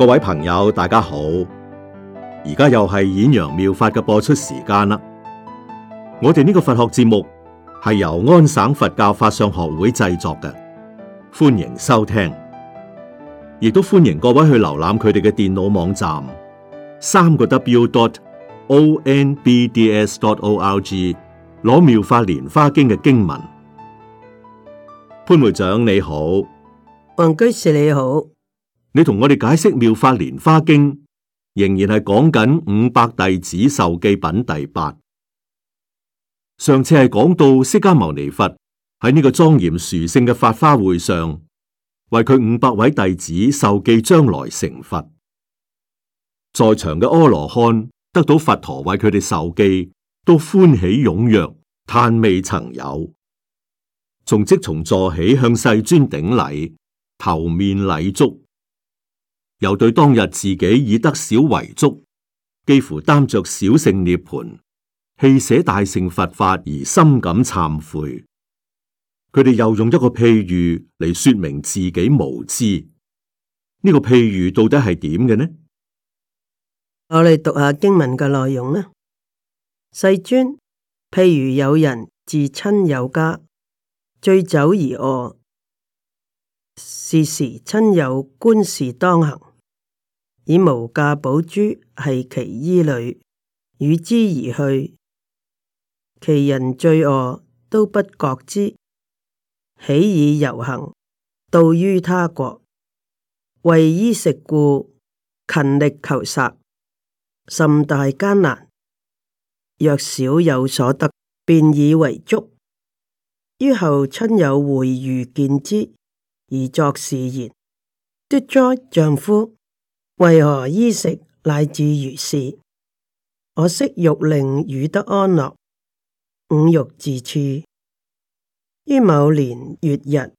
各位朋友，大家好！而家又係演揚妙法嘅播出時間啦。我哋呢個佛學節目係由安省佛教法相學會製作嘅，歡迎收聽，亦都歡迎各位去瀏覽佢哋嘅電腦網站，三個 w dot o n b d s dot org 攞妙法蓮花經嘅經文。潘會長你好，黃居士你好。你同我哋解釋《妙法蓮花經》，仍然係講緊五百弟子受記品第八。上次係講到釋迦牟尼佛喺呢個莊嚴殊勝嘅法花會上，為佢五百位弟子受記將來成佛。在場嘅阿羅漢得到佛陀為佢哋受記，都歡喜踴躍，嘆未曾有。仲即從座起，向世尊頂禮，頭面禮足。又對當日自己以得少為足，幾乎擔着小乘涅槃，棄捨大乘佛法而深感懺悔。佢哋又用一個譬喻嚟說明自己無知。呢、這個譬喻到底係點嘅呢？我哋讀下經文嘅內容呢。世尊，譬如有人自親友家醉酒而臥，是時親友官事當行。以無價寶珠繫其衣履，與之而去。其人罪惡都不覺知，起以遊行到於他國，為衣食故，勤力求索，甚大艱難。若少有所得，便以為足。於後親友會遇見之，而作是言：咄哉丈夫！為何衣食乃至如是？我昔欲令汝得安樂，五欲自處。於某年月日，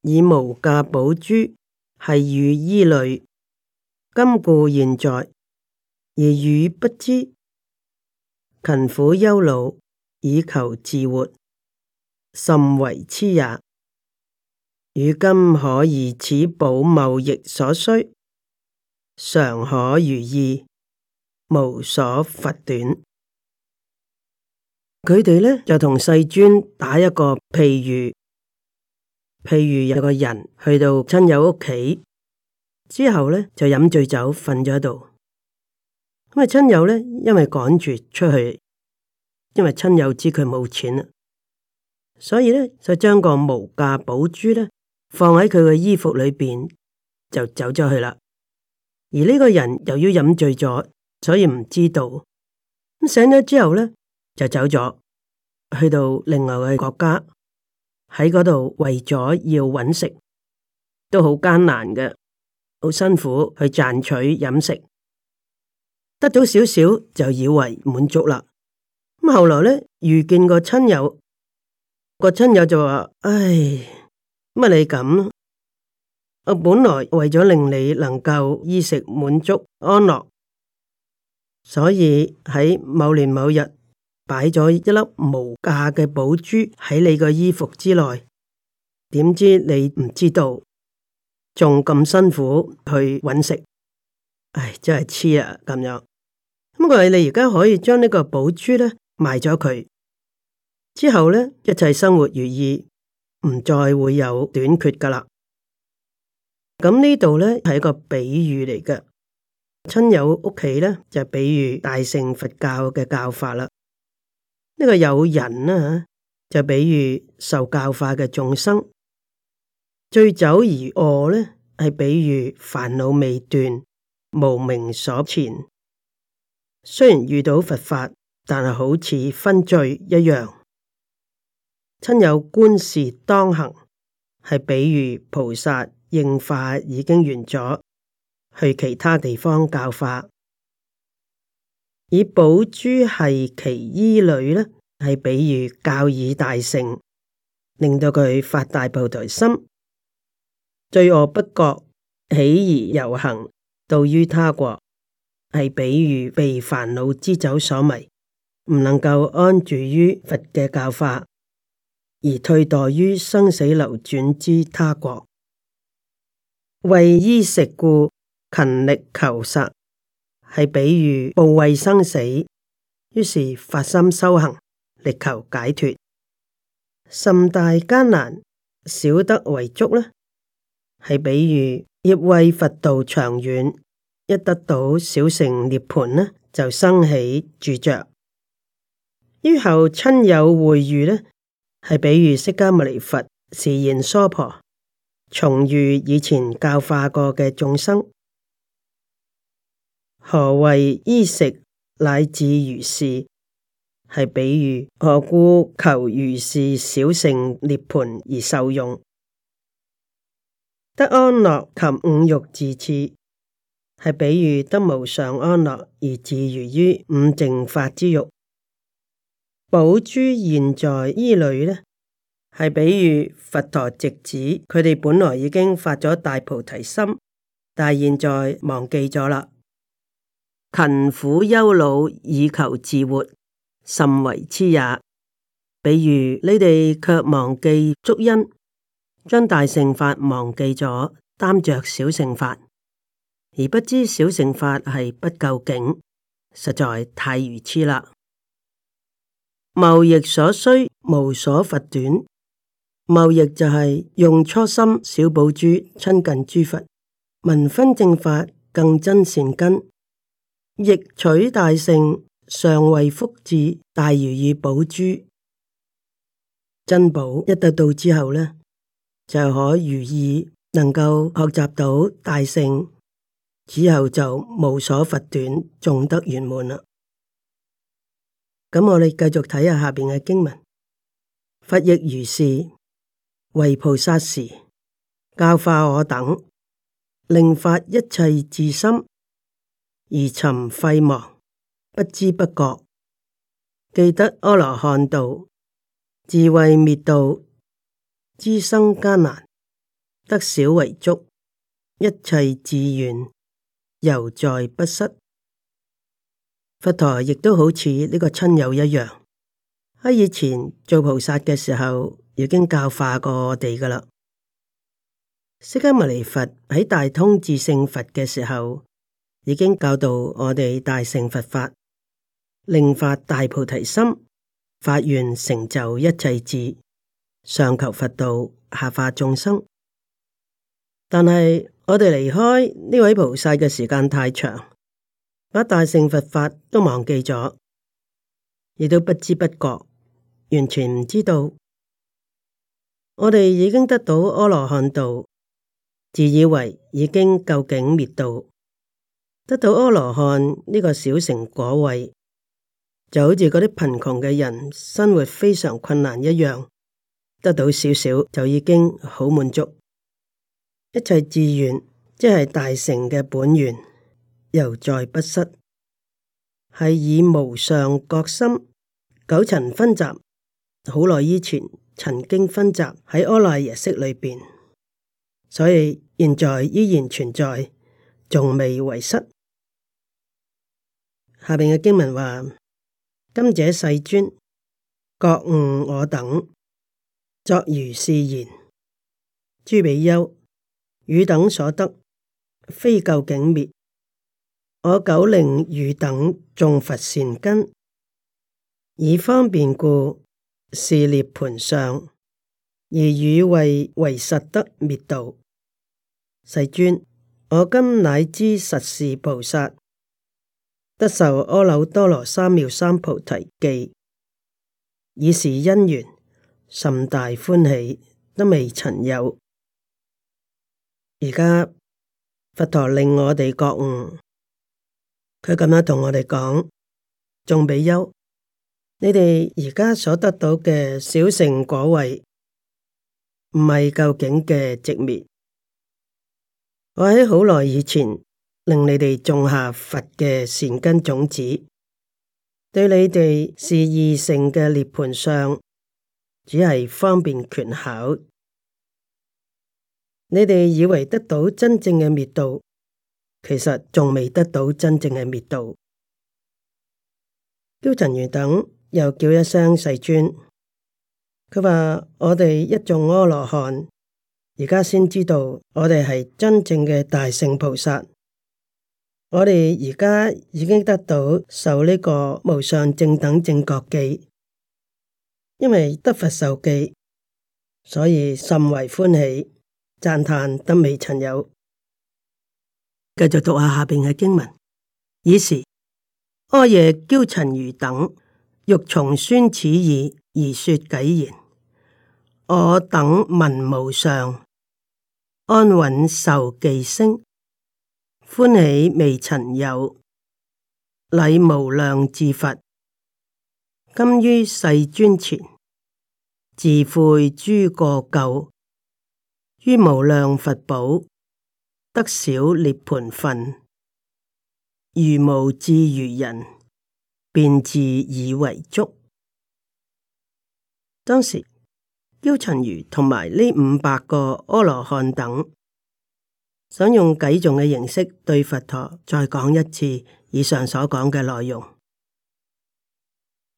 以無價寶珠繫汝衣裏，今故現在，而汝不知，勤苦憂勞以求自活，甚為痴也。汝今可以此寶貿易所需。常可如意，無所乏短。佢哋咧就同世尊打一個譬喻，譬如有個人去到親友屋企之後咧，就飲醉酒瞓咗喺度。咁啊，親友咧因為趕住出去，因為親友知佢冇錢啦，所以咧就將個無價寶珠咧放喺佢嘅衣服裏邊，就走咗去啦。而呢個人又要飲醉咗，所以唔知道，醒咗之後呢就走咗，去到另外個國家，喺嗰度為咗要揾食都好艱難嘅，好辛苦去賺取飲食，得到少少就以為滿足啦。咁後來呢遇見個親友，個親友就話：唉，乜你咁？我本來為咗令你能夠衣食滿足安樂，所以喺某年某日擺咗一粒無價嘅寶珠喺你個衣服之內，點知你唔知道，仲咁辛苦去搵食，唉，真係痴啊咁樣。咁我你而家可以將呢個寶珠呢賣咗佢，之後呢，一切生活如意，唔再會有短缺㗎喇。咁呢度咧，係一個比喻嚟嘅，親友屋企咧，就比喻大乘佛教嘅教法啦。這個、呢個友人啦就比喻受教化嘅眾生，醉酒而餓咧，係比喻煩惱未斷，無明所纏。雖然遇到佛法，但係好似昏醉一樣。親友官事當行，係比喻菩薩。應化已經完咗，去其他地方教化。以寶珠係其衣裏呢，係比喻教以大乘，令到佢發大菩提心，罪惡不覺，起而遊行到於他國，係比喻被煩惱之酒所迷，唔能夠安住於佛嘅教化，而退墮於生死流轉之他國。為衣食故勤力求索，係比喻怖畏生死，於是發心修行，力求解脱。甚大艱難，少得為足呢？係比喻亦為佛道長遠，一得到小乘涅盤呢，就生起住着。於後親友會遇呢？係比喻釋迦牟尼佛示現娑婆。重遇以前教化過嘅眾生，何為衣食乃至如是，係比喻。何故求如是小乘涅槃而受用？得安樂及五欲自賜，係比喻得無上安樂而自如於，於五正法之欲。寶珠現在衣裡？呢？係比喻佛陀直指佢哋本來已經發咗大菩提心，但係現在忘記咗啦。勤苦憂惱以求自活，甚為癡也。比如你哋卻忘記足因，將大乘法忘記咗，擔着小乘法，而不知小乘法係不究竟，實在太愚癡啦。貿易所需，無所乏短。貿易就係用初心小寶珠親近諸佛，聞分正法更增善根，亦取大聖上位福智，大如意寶珠珍寶。真寶一得到之後呢，就可如意，能夠學習到大聖，此後就無所乏短，種得圓滿啦。咁我哋繼續睇下下邊嘅經文，佛亦如是。為菩薩時，教化我等，令發一切智心而尋廢忘。不知不覺，既得阿羅漢道，智慧滅道，資生艱難，得少為足，一切智願猶在不失。佛陀亦都好似呢個親友一樣，喺以前做菩薩嘅時候。已經教化過我哋噶啦，釋迦牟尼佛喺大通智勝佛嘅時候，已經教導我哋大乘佛法，令發大菩提心，發願成就一切智，上求佛道，下化眾生。但係我哋離開呢位菩薩嘅時間太長，把大乘佛法都忘記咗，亦都不知不覺，完全唔知道。我哋已經得到阿羅漢道，自以為已經究竟滅度，得到阿羅漢呢個小乘果位，就好似嗰啲貧窮嘅人生活非常困難一樣，得到少少就已經好滿足。一切志願即係大乘嘅本源，猶在不失，係以無上覺心九塵分集，好耐以前。曾經分集喺阿賴耶識裏邊，所以現在依然存在，仲未遺失。下邊嘅經文話：今者世尊覺悟我等，作如是言：諸比丘，汝等所得，非究竟滅。我久令汝等種佛善根，以方便故。是涅盤上，而與為為實得滅度。世尊，我今乃知實是菩薩得受阿耨多羅三藐三菩提記，以是因緣甚大歡喜，都未曾有。而家佛陀令我哋覺悟，佢咁樣同我哋講，仲比丘。你哋而家所得到嘅小乘果位，唔係究竟嘅寂滅。我喺好耐以前令你哋種下佛嘅善根種子，對你哋是二乘嘅涅槃相，只係方便權巧。你哋以為得到真正嘅滅度，其實仲未得到真正嘅滅度。憍陳如等。又叫一聲世尊，佢話：我哋一眾阿羅漢，而家先知道我哋係真正嘅大聖菩薩。我哋而家已經得到受呢個無上正等正覺記，因為得佛受記，所以甚為歡喜讚嘆，得未曾有。繼續讀下下邊嘅經文，爾時阿若憍陳如等，欲從宣此義，而說偈言：我等聞無上，安穩受記聲，歡喜未曾有。禮無量智佛，今於世尊前，自悔諸過咎。於無量佛寶，得小涅槃分，如無智愚人。便自以為足。當時，憍陳如同埋呢五百個阿羅漢等，想用偈頌嘅形式對佛陀再講一次以上所講嘅內容。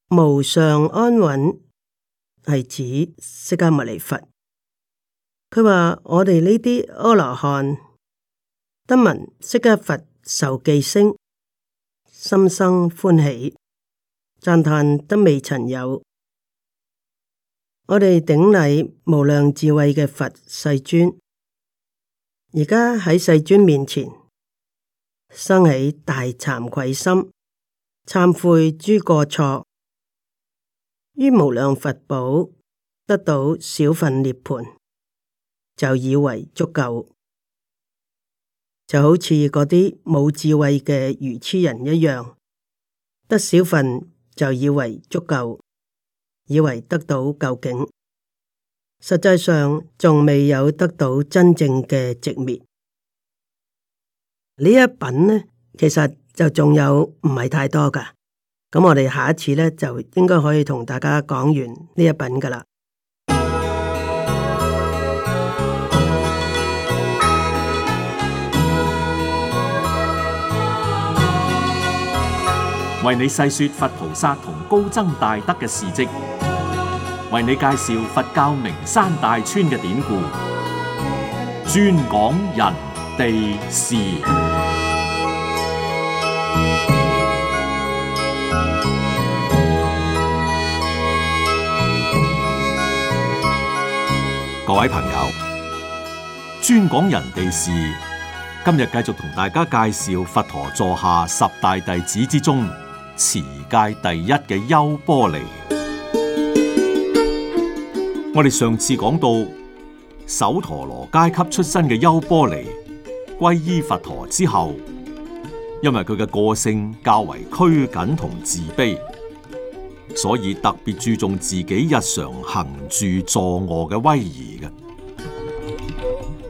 無上安穩係指釋迦牟尼佛。佢話：我哋呢啲阿羅漢得聞釋迦佛受記聲，心生歡喜。讚歎得未曾有，我哋頂禮無量智慧嘅佛世尊。而家喺世尊面前生起大慚愧心，懺悔諸過錯，於無量佛寶得到少份涅槃，就以為足夠，就好似嗰啲冇智慧嘅愚痴人一樣，得少份。就以為足夠，以為得到究竟，實際上仲未有得到真正嘅寂滅。呢一品呢，其實就仲有唔係太多噶。咁我哋下一次呢，就應該可以同大家講完呢一品噶啦。為你細說佛菩薩同高僧大德嘅事跡，為你介紹佛教名山大川嘅典故，專講人地事。各位朋友，專講人地事，今日繼續同大家介紹佛陀座下十大弟子之中。持戒第一嘅優波離，我哋上次講到，首陀羅階級出身嘅優波離歸依佛陀之後，因為佢嘅個性較為拘謹同自卑，所以特別注重自己日常行住坐臥嘅威儀嘅，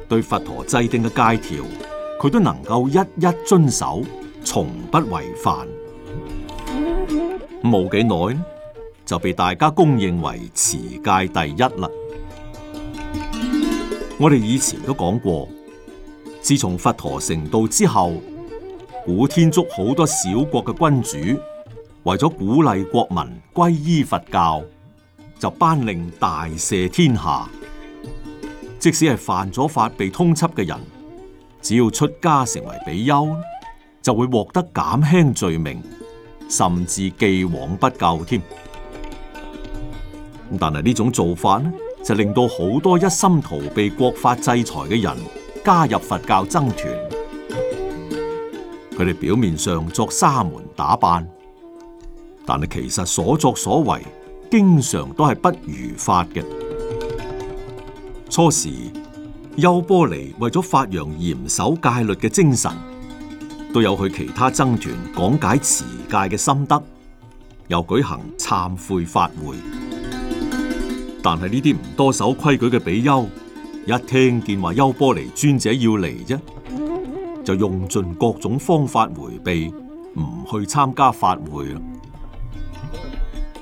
對佛陀制定嘅戒條，佢都能夠一一遵守，從不違反。冇幾耐就被大家公認為持戒第一啦。我哋以前都講過，自從佛陀成道之後，古天竺好多小國嘅君主為咗鼓勵國民皈依佛教，就頒令大赦天下。即使係犯咗法被通緝嘅人，只要出家成為比丘，就會獲得減輕罪名。甚至既往不咎添。但係呢種做法呢，就令到好多一心逃避國法制裁嘅人加入佛教僧團。佢哋表面上作沙門打扮，但係其實所作所為，經常都係不如法嘅。初時，優波離為咗發揚嚴守戒律嘅精神，都有去其他僧團講解持戒嘅心得，又舉行懺悔法會。但係呢啲唔多守規矩嘅比丘，一聽見話優波離尊者要嚟啫，就用盡各種方法回避，唔去參加法會。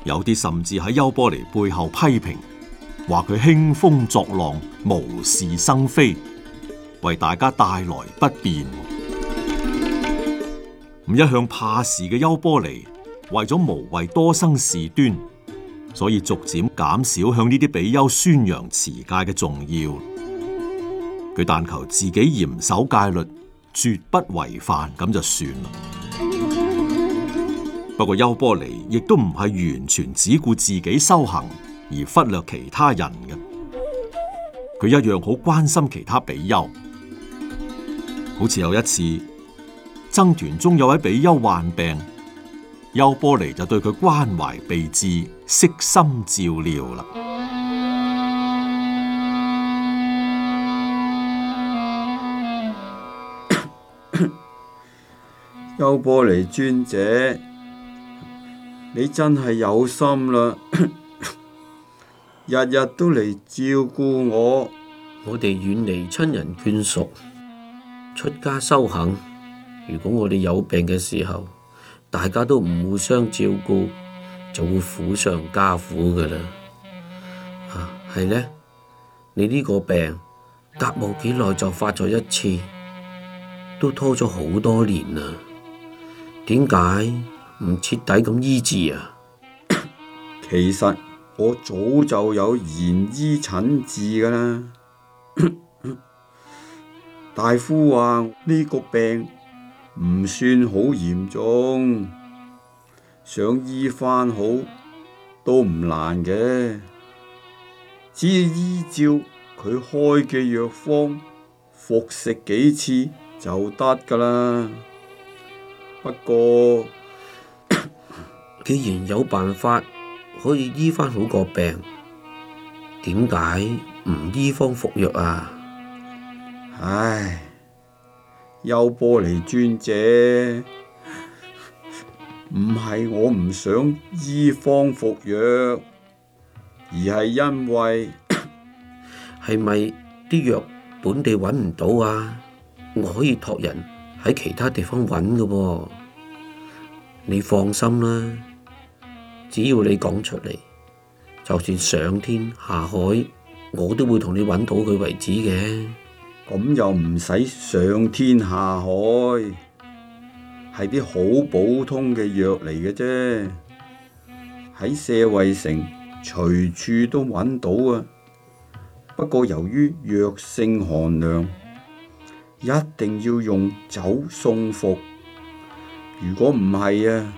有啲甚至喺優波離背後批評，話佢興風作浪、無事生非，為大家帶來不便。唔，一向怕事嘅優波離，為咗無謂多生事端，所以逐漸減少向呢啲比丘宣揚持戒嘅重要。佢但求自己嚴守戒律，絕不違犯，咁就算啦。不過優波離亦都唔係完全只顧自己修行而忽略其他人嘅，佢一樣好關心其他比丘。好似有一次。僧團中有位比丘患病，優波離就對佢關懷備至，悉心照料啦。優波離尊者，你真係有心啦， 日日都嚟照顧我。 我哋遠離親人眷屬，出家修行。如果我哋有病嘅時候，大家都唔互相照顧，就會苦上加苦噶啦。係、啊、呢，你呢個病隔冇幾耐就發咗一次，都拖咗好多年啦。點解唔徹底咁醫治啊？其實我早就有延醫診治噶啦， 大夫話呢個病。唔算好嚴重，想醫翻好都唔難嘅，只要依照佢開嘅藥方服食幾次就得噶啦。不過 既然有辦法可以醫翻好個病，點解唔醫方服藥啊？唉。優波離尊者，唔係我唔想醫方服藥，而係因為係咪啲藥本地揾唔到啊？我可以託人喺其他地方揾㗎喎，你放心啦，只要你講出嚟，就算上天下海，我都會同你揾到佢為止嘅。咁又唔使上天下海，係啲好普通嘅藥嚟嘅啫。喺舍衛城隨處都揾到啊。不過由於藥性寒涼，一定要用酒送服。如果唔係啊，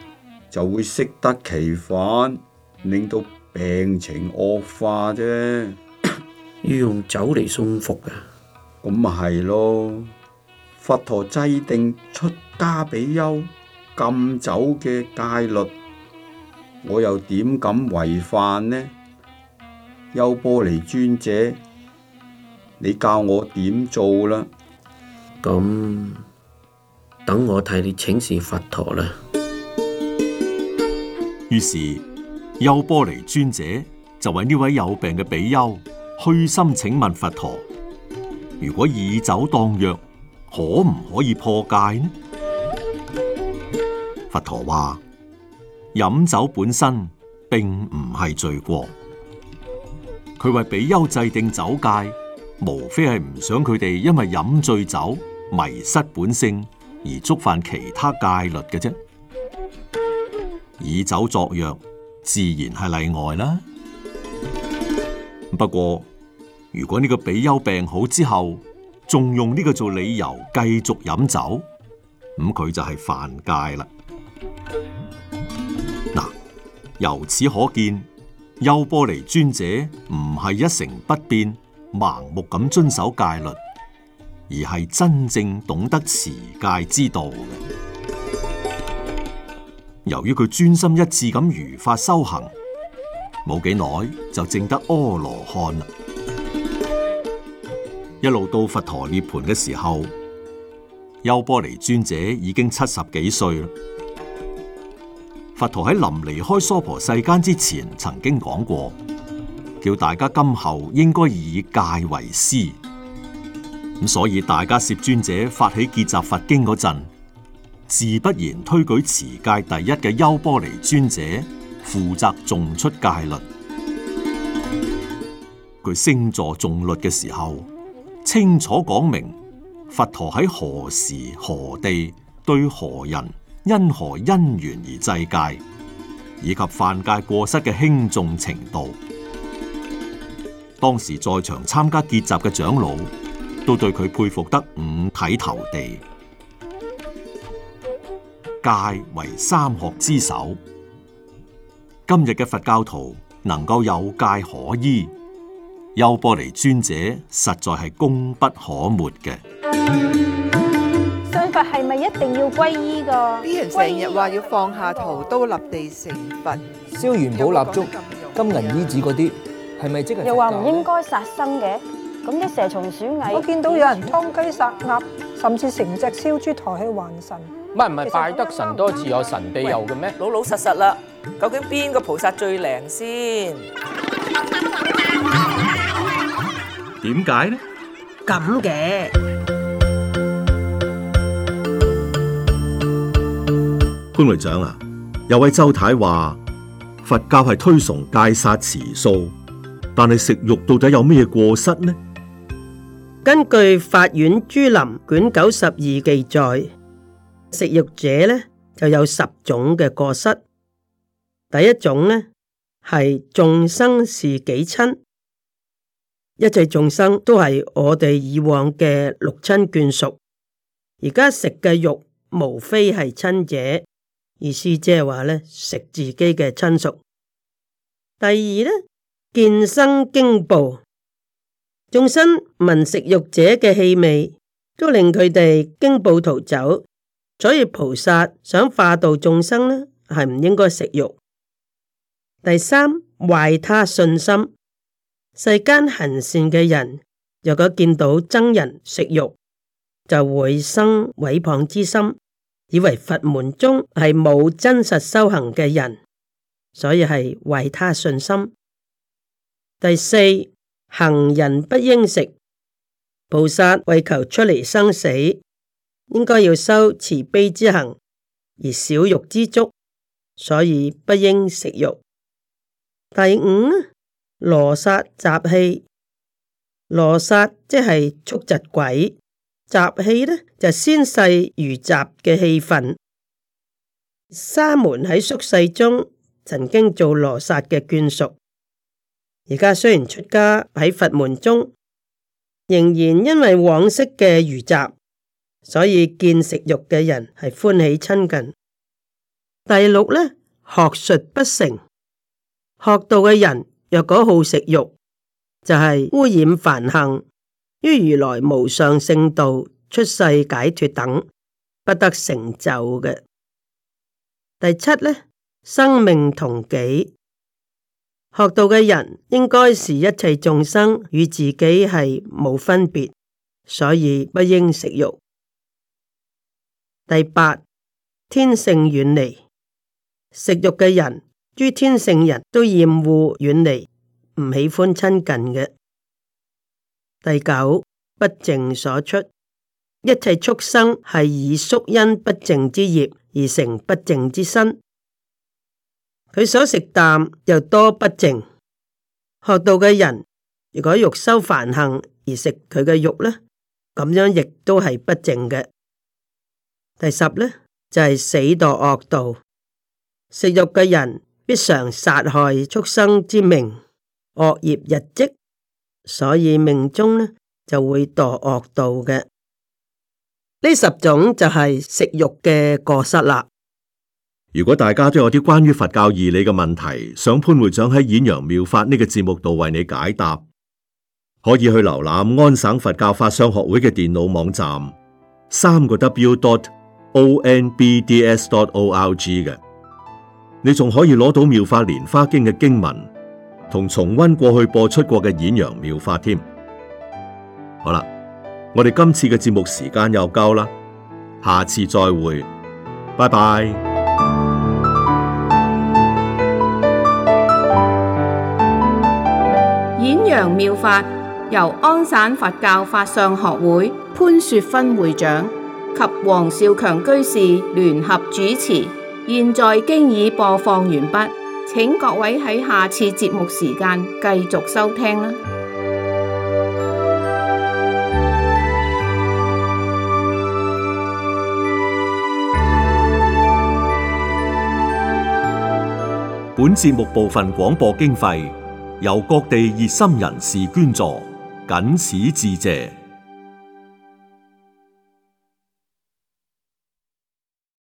就會適得其反，令到病情惡化啫。 要用酒嚟送服嘅。咁咪係咯，佛陀制定出家比丘禁酒嘅戒律，我又點敢違反呢？優波離尊者，你教我點做啦？咁等我替你請示佛陀啦。於是優波離尊者就為呢位有病嘅比丘虛心請問佛陀。如果以酒當藥，可唔可以破戒呢？佛陀話：飲酒本身並唔係罪過，佢為比丘制定酒戒，無非係唔想佢哋因為飲醉酒迷失本性而觸犯其他戒律嘅啫。以酒作藥，自然係例外啦。不過。如果呢個比丘病好之後，仲用呢個做理由繼續飲酒，咁、嗯、佢就係犯戒啦。嗱，由此可見，優波離尊者唔係一成不變、盲目咁遵守戒律，而係真正懂得持戒之道嘅。由於佢專心一致咁如法修行，冇幾耐就證得阿羅漢啦。一路到佛陀涅槃嘅時候，優波離尊者已經七十幾歲。佛陀喺臨離開娑婆世間之前，曾經講過，叫大家今後應該以戒為師。所以大迦葉尊者發起結集佛經嗰陣，自不然推舉持戒第一嘅優波離尊者負責誦出戒律。佢誦咗戒律嘅時候，清楚講明佛陀喺何時何地對何人因何因緣而制戒，以及犯戒過失嘅輕重程度。當時在場參加結集嘅長老都對佢佩服得五體投地。戒為三學之首，今日嘅佛教徒能夠有戒可依。優波離尊者實在係功不可沒嘅。信佛係咪一定要皈依㗎？成日話要放下屠刀立地成佛，燒元寶蠟燭、金銀衣紙嗰啲，係咪即係？又話唔應該殺生嘅。咁啲蛇蟲鼠蟻，我見到有人劏雞殺鴨，甚至成隻燒豬抬去還神。唔係唔係，拜得神多自然有神庇佑嘅咩？老老實實啦，究竟邊個菩薩最靈先？點解呢？咁嘅潘會長啊，有位周太話佛教係推崇戒殺持素，但係食肉到底有咩過失呢？根據《法苑珠林》卷九十二記載，食肉者呢就有十種嘅過失。第一種呢係眾生是己親。一切眾生都係我哋以往嘅六親眷屬，而家食嘅肉無非係親者，意思即係話呢，食自己嘅親屬。第二呢，見生驚怖，眾生聞食肉者嘅氣味，都令佢哋驚怖逃走。所以菩薩想化度眾生呢，係唔應該食肉。第三，壞他信心。世間行善嘅人，若果見到僧人食肉，就會生毀謗之心，以為佛門中係冇真實修行嘅人，所以係壞他信心。第四，行人不應食。菩薩為求出離生死，應該要修慈悲之行，而少欲知足，所以不應食肉。第五呢，羅刹習氣，羅刹即係速疾鬼。習氣呢，就先世餘習嘅氣氛。沙門喺宿世中曾經做羅刹嘅眷屬，而家雖然出家喺佛門中，仍然因為往昔嘅餘習，所以見食肉嘅人係歡喜親近。第六呢，學術不成，學道嘅人。若果好食肉，就係、是、污染梵行，於如來無上聖道，出世解脫等不得成就嘅。第七咧，生命同己，學道嘅人應該是一切眾生與自己係冇分別，所以不應食肉。第八，天性遠離食肉嘅人，諸天聖人都厭惡遠離，唔喜歡親近嘅。第九，不淨所出，一切畜生係以宿因不淨之業而成不淨之身。佢所食啖又多不淨，學道嘅人如果欲修梵行而食佢嘅肉咧，咁樣亦都係不淨嘅。第十咧就係、是、死墮惡道。食肉嘅人。必常殺害畜生之命，惡業日積，所以命中呢就會墮惡道嘅。呢十種就係食肉嘅過失啦。如果大家都有啲關於佛教義理嘅問題，想潘會長喺演陽妙法呢個節目度為你解答，可以去瀏覽安省佛教法商學會嘅電腦網站，三個 w dot o n b d s dot o r g 嘅。你仲可以攞到《妙法蓮花經》嘅經文，同重溫過去播出過嘅《演揚妙法》添。好啦，我哋今次嘅節目時間又夠啦，下次再會，拜拜。《演揚妙法》由安省佛教法相學會潘雪芬會長及黃少強居士聯合主持。現在經已播放完畢，請各位喺下次節目時間繼續收聽啦。本節目部分廣播經費由各地熱心人士捐助，謹此致謝。